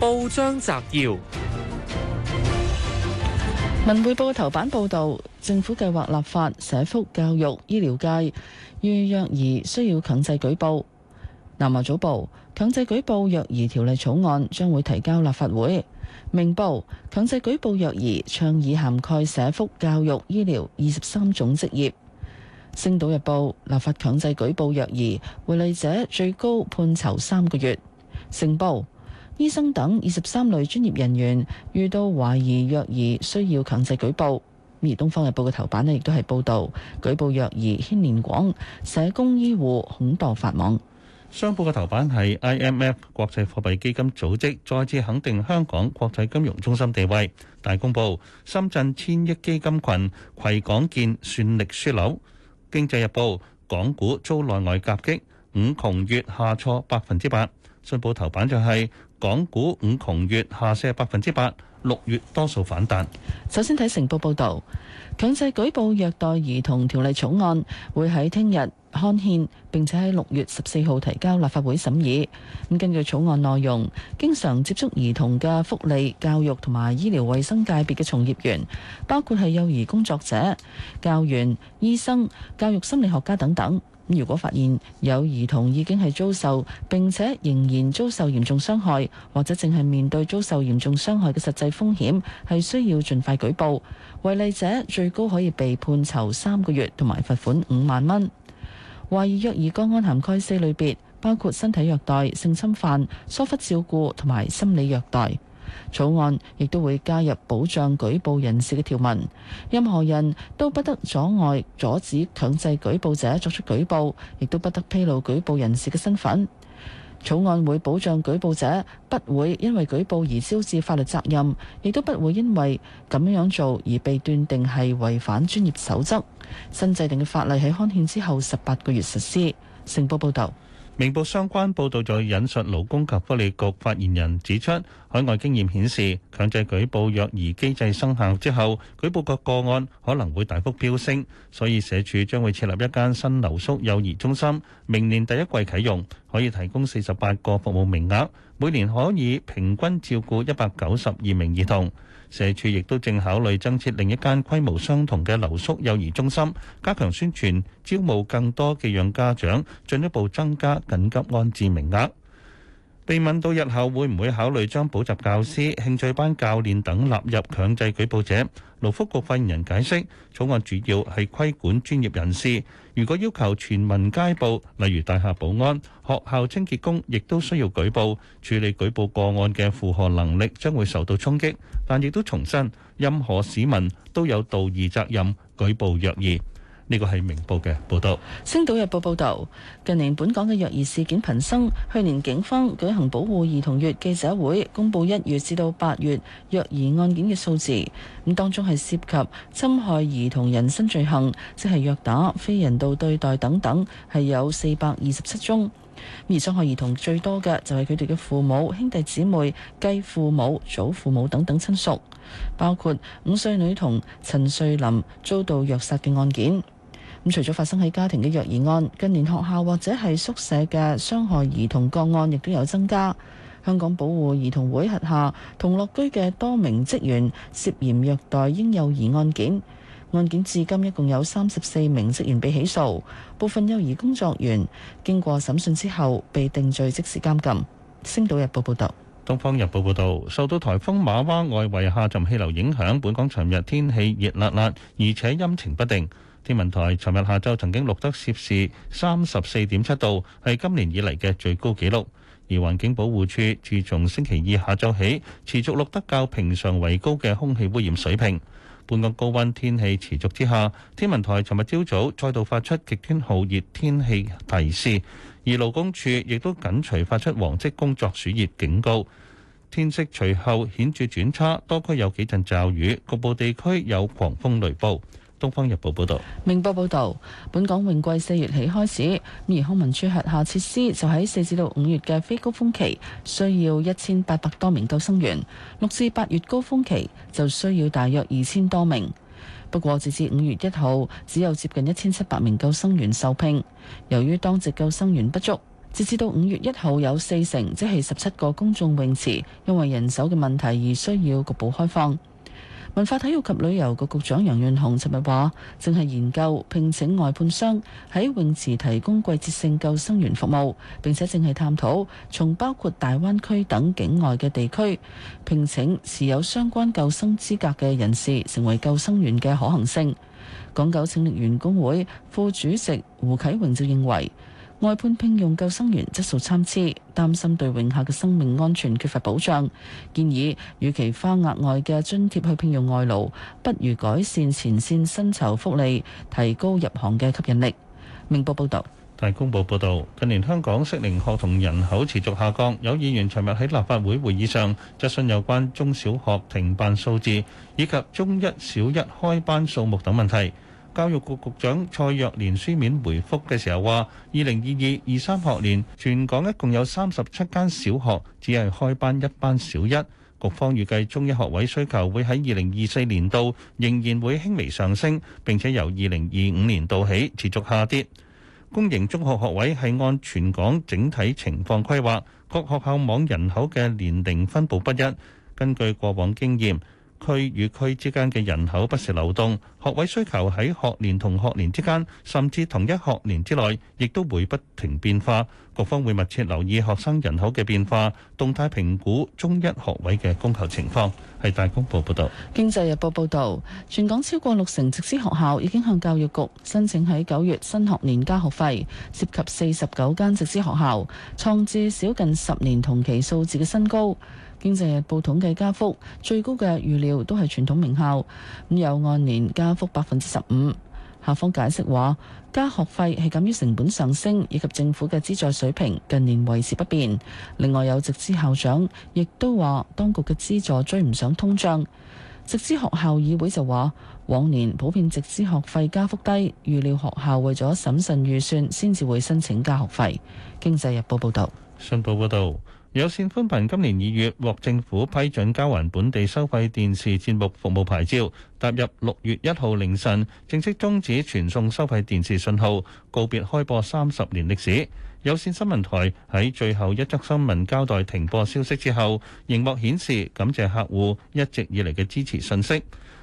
報章摘要：《文匯報》頭版報道，政府計劃立法社福、教育、醫療界，遇虐兒需要強制舉報。《南華早報》強制舉報虐兒條例草案將會提交立法會。《明報》強制舉報虐兒倡議涵蓋社福、教育、醫療二十三種職業。《星島日報》立法強制舉報虐兒，違例者最高判囚三個月。《成報》醫生等二十三類專業人員遇到懷疑虐兒，需要強制舉報。而《東方日報》嘅頭版呢，亦都係報導舉報虐兒牽連廣，社工醫護恐墮法網。商報嘅頭版係 IMF 國際貨幣基金組織再次肯定香港國際金融中心地位。大公報深圳千億基金群攜港建算力樞紐。經濟日報港股遭內外夾擊，五窮月下挫百分之八。信報頭版就係、是。港股五窮月下瀉百分之八，六月多數反彈。首先睇成報報導，強制舉報虐待兒童條例草案會喺聽日刊憲，並且喺六月十四號提交立法會審議。咁根據草案內容，經常接觸兒童嘅福利、教育同埋醫療衛生界別嘅從業員，包括係幼兒工作者、教員、醫生、教育心理學家等等。咁如果發現有兒童已經係遭受並且仍然遭受嚴重傷害，或者正係面對遭受嚴重傷害嘅實際風險，係需要盡快舉報。違例者最高可以被判囚三個月同埋罰款五萬蚊。懷疑虐兒個案涵蓋四類別，包括身體虐待、性侵犯、疏忽照顧同埋心理虐待。草案亦都會加入保障舉報人士嘅條文，任何人都不得阻礙、阻止強制舉報者作出舉報，亦都不得披露舉報人士嘅身份。草案會保障舉報者不會因為舉報而招致法律責任，亦都不會因為咁樣做而被斷定係違反專業守則。新制定嘅法例喺刊憲之後十八個月實施。成報報道。明報相關報道在引述勞工及福利局發言人指出，海外經驗顯示，強制舉報虐兒機制生效之後舉報各個案可能會大幅飆升，所以社署將會設立一間新留宿幼兒中心，明年第一季啟用，可以提供48個服務名額，每年可以平均照顧192名兒童。社署亦都正考慮增設另一間規模相同嘅留宿幼兒中心，加強宣傳，招募更多寄養家長，進一步增加緊急安置名額。被問到日後，會唔會考慮將補習教師、興趣班教練等納入強制舉報者？呢個係明報嘅報導，《星島日報》報導近年本港嘅虐兒事件頻生。去年警方舉行保護兒童月記者會，公布一月至到八月虐兒案件嘅數字。咁當中係涉及侵害兒童人身罪行，即係虐打、非人道對待等等，係有四百二十七宗。而傷害兒童最多嘅就係佢哋嘅父母、兄弟姊妹、繼父母、祖父母等等親屬，包括五歲女童陳瑞琳遭到虐殺嘅案件。咁除咗發生喺家庭嘅虐兒案，近年學校或者係宿舍嘅傷害兒童個案亦都有增加。香港保護兒童會轄下同樂居嘅多名職員涉嫌虐待嬰幼兒案件，案件至今一共有三十四名職員被起訴。部分幼兒工作員經過審訊之後被定罪，即時監禁。星島日報報道：東方日報報道，受到颱風馬娃外圍下沉氣流影響，本港尋日天氣熱辣辣，而且陰晴不定。天文台尋日下晝曾經錄得攝氏三十四點七度，係今年以嚟嘅最高紀錄。而環境保護處自從星期二下晝起持續錄得較平常為高嘅空氣污染水平。半個高溫天氣持續之下，天文台尋日朝早再度發出極端酷熱天氣提示，而勞工處亦都緊隨發出黃色工作暑熱警告。天色隨後顯著轉差，多區有幾陣驟雨，局部地區有狂風雷暴。《東方日報》報道，《明報》報導，本港泳季四月起開始，而康文署轄下設施就喺四至到五月嘅非高峰期需要一千八百多名救生員，六至八月高峰期就需要大約二千多名。不過，截至五月一號，只有接近一千七百名救生員受聘。由於當值救生員不足，截至到五月一號，有四成即係十七個公眾泳池因為人手嘅問題而需要局部開放。文化體育及旅遊局局長楊潤雄尋日話：正係研究聘請外判商喺泳池提供季節性救生員服務，並且正係探討從包括大灣區等境外嘅地區聘請持有相關救生資格嘅人士成為救生員嘅可行性。港九拯溺員工會副主席胡啟榮就認為，外判聘用救生員質素參差，擔心對泳客嘅生命安全缺乏保障，建議與其花額外嘅津貼去聘用外勞，不如改善前線薪酬福利，提高入行嘅吸引力。明報報道。《大公報》報道，近年香港適齡學童人口持續下降，有議員尋日喺立法會會議上質詢有關中小學停辦數字以及中一小一開班數目等問題。教育局局長蔡若蓮書面回复嘅時候話，二零二二、二三學年，全港一共有三十七間小學，只係開班一班小一。局方預計中一學位需求會喺二零二四年度仍然會輕微上升，並且由二零二五年度起持續下跌。公營中學學位係按全港整體情況規劃，各學校網人口嘅年齡分佈不一，根據過往經驗。區與區之間嘅人口不時流動，學位需求喺學年同學年之間，甚至同一學年之內，亦都會不停變化。各方會密切留意學生人口嘅變化，動態評估中一學位嘅供求情況。係《大公報》報道，《經濟日報》報道，全港超過六成直資學校已經向教育局申請喺九月新學年加學費，涉及四十九間直資學校，創至少近十年同期數字嘅新高。經濟日報，統計加幅最高嘅預料都係傳統名校，咁有按年加幅百分之十五。校方解釋話，加學費係由於成本上升以及政府嘅資助水平近年維持不變。另外有直資校長亦都話，當局嘅資助追唔上通脹。直資學校議會就話，往年普遍直資學費加幅低，預料學校為咗審慎預算先至會申請加學費。經濟日報報道。信報報道。有線寬頻今年二月獲政府批准交還本地收費電視節目服務牌照，踏入六月一號凌晨正式終止傳送收費電視訊號，告別開播三十年歷史。有線新聞台喺最後一則新聞交代停播消息之後，熒幕顯示感謝客戶一直以嚟嘅支持信息。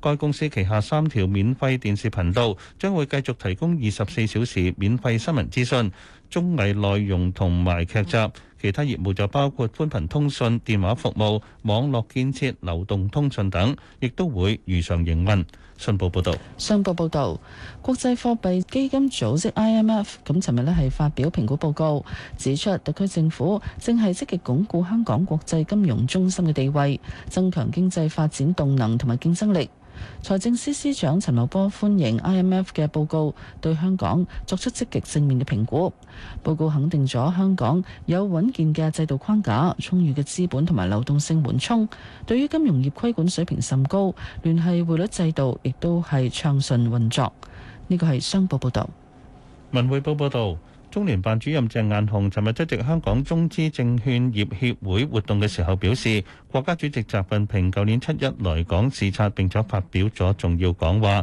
該公司旗下三條免費電視頻道將會繼續提供二十四小時免費新聞資訊、綜藝內容同埋劇集。其他業務就包括寬頻通訊、電話服務、網絡建設、流動通訊等，亦都會如常營運。信報報道：信報報導，國際貨幣基金組織 IMF 咁，尋日呢係發表評估報告，指出特區政府正係積極鞏固香港國際金融中心嘅地位，增強經濟發展動能同埋競爭力。財政司司長陳茂波歡迎 IMF 嘅報告，對香港作出積極正面嘅評估。報告肯定咗香港有穩健嘅制度框架，充裕嘅資本同埋流動性緩衝，對於金融業規管水平甚高，聯繫匯率制度亦都係暢順運作。呢個係商報報道，文匯報報道。中聯辦主任鄭雁雄尋日出席香港中資證券業協會活動嘅時候表示，國家主席習近平舊年七一來港視察，並且發表咗重要講話，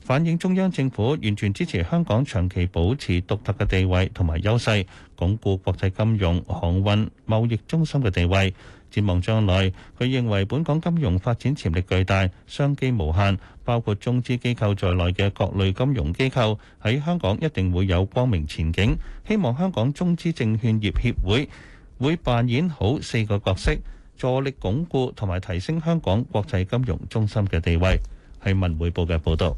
反映中央政府完全支持香港長期保持獨特嘅地位同埋優勢，鞏固國際金融、航運、貿易中心嘅地位。展望將來，佢認為本港金融發展潛力巨大，商機無限，包括中資機構在內嘅各類金融機構喺香港一定會有光明前景。希望香港中資證券業協會會扮演好四個角色，助力鞏固同埋提升香港國際金融中心嘅地位。係文匯報嘅報道，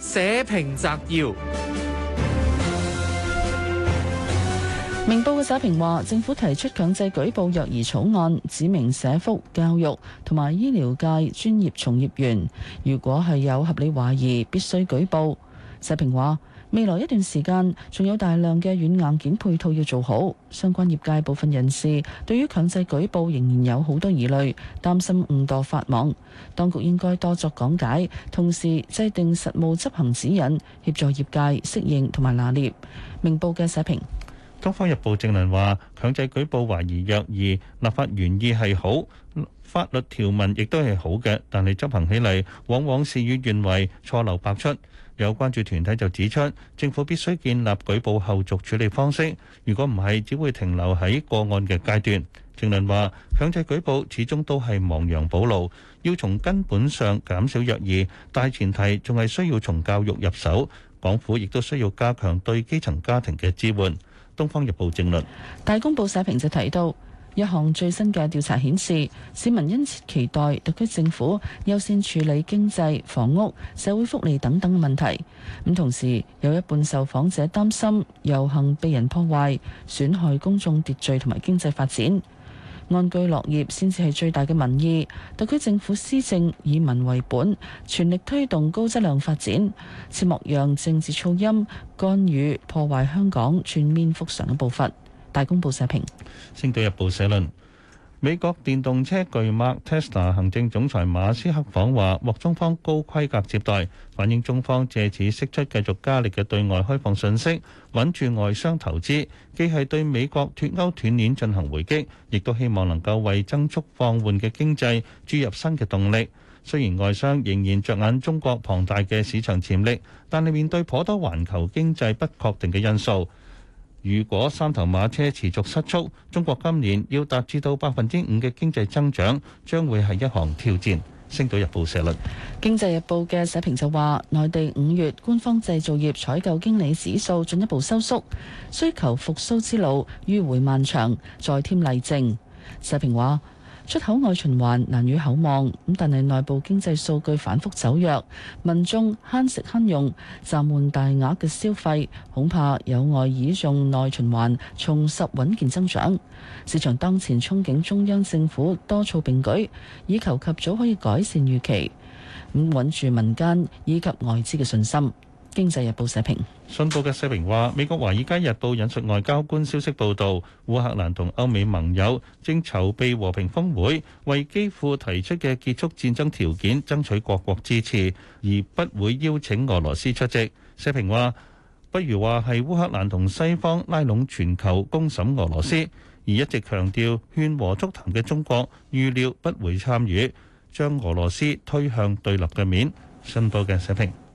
社評摘要。明報嘅社評話，政府提出強制舉報虐兒草案，指明社福、教育同埋醫療界專業從業員，如果係有合理懷疑，必須舉報。社評話，未來一段時間仲有大量嘅軟硬件配套要做好。相關業界部分人士對於強制舉報仍然有好多疑慮，擔心誤墮法網。當局應該多作講解，同時制定實務執行指引，協助業界適應同埋拿捏。明報嘅社評。東方日報政論話，強制舉報懷疑虐兒，立法原意係好，法律條文亦都係好嘅，但係執行起嚟，往往事與願違，錯漏百出。有關注團體就指出，政府必須建立舉報後續處理方式，如果唔係，只會停留喺個案嘅階段。政論話，強制舉報始終都係亡羊補牢，要從根本上減少虐兒，大前提仲係需要從教育入手，港府亦都需要加強對基層家庭嘅支援。《東方日報》正論。大公報社評就提到，一項最新嘅調查顯示，市民因此期待特區政府優先處理經濟、房屋、社會福利等等嘅問題。咁同時有一半受訪者擔心遊行被人破壞，損害公眾秩序同埋經濟發展。安居樂業先至係最大嘅民意，特區政府施政以民為本，全力推動高質量發展，切莫讓政治噪音干預破壞香港全面復常嘅步伐。大公報社評，對社《星島日報》社論。美國電動車巨擘 Tesla 行政總裁馬斯克訪華獲中方高規格接待，反映中方借此釋出繼續加力嘅對外開放信息，穩住外商投資，既係對美國脱歐斷鏈進行回擊，亦都希望能夠為增速放緩嘅經濟注入新嘅動力。雖然外商仍然着眼中國龐大嘅市場潛力，但係面對頗多環球經濟不確定嘅因素。如果三頭馬車持續失速，中國今年要達至到百分之五嘅經濟增長，將會係一項挑戰。星島日報社論，《經濟日報》嘅社評就話：內地五月官方製造業採購經理指數進一步收縮，需求復甦之路迂迴漫長。再添例證，社評話。出口外循環難以厚望，咁但係內部經濟數據反覆走弱，民眾慳食慳用，暫緩大額嘅消費，恐怕有礙倚重內循環，重拾穩健增長。市場當前憧憬中央政府多措並舉，以求及早可以改善預期，咁穩住民間以及外資嘅信心。《經濟日報》社評，信報嘅社評話：美國《華爾街日報》引述外交官消息報導，烏克蘭同歐美盟友正籌備和平峰會，為基庫提出嘅結束戰爭條件爭取各國支持，而不會邀請俄羅斯出席。社評話：不如話係烏克蘭同西方拉攏全球公審俄羅斯，而一直強調勸和促談嘅中國預料不會參與，將俄羅斯推向對立嘅面。信報嘅社評。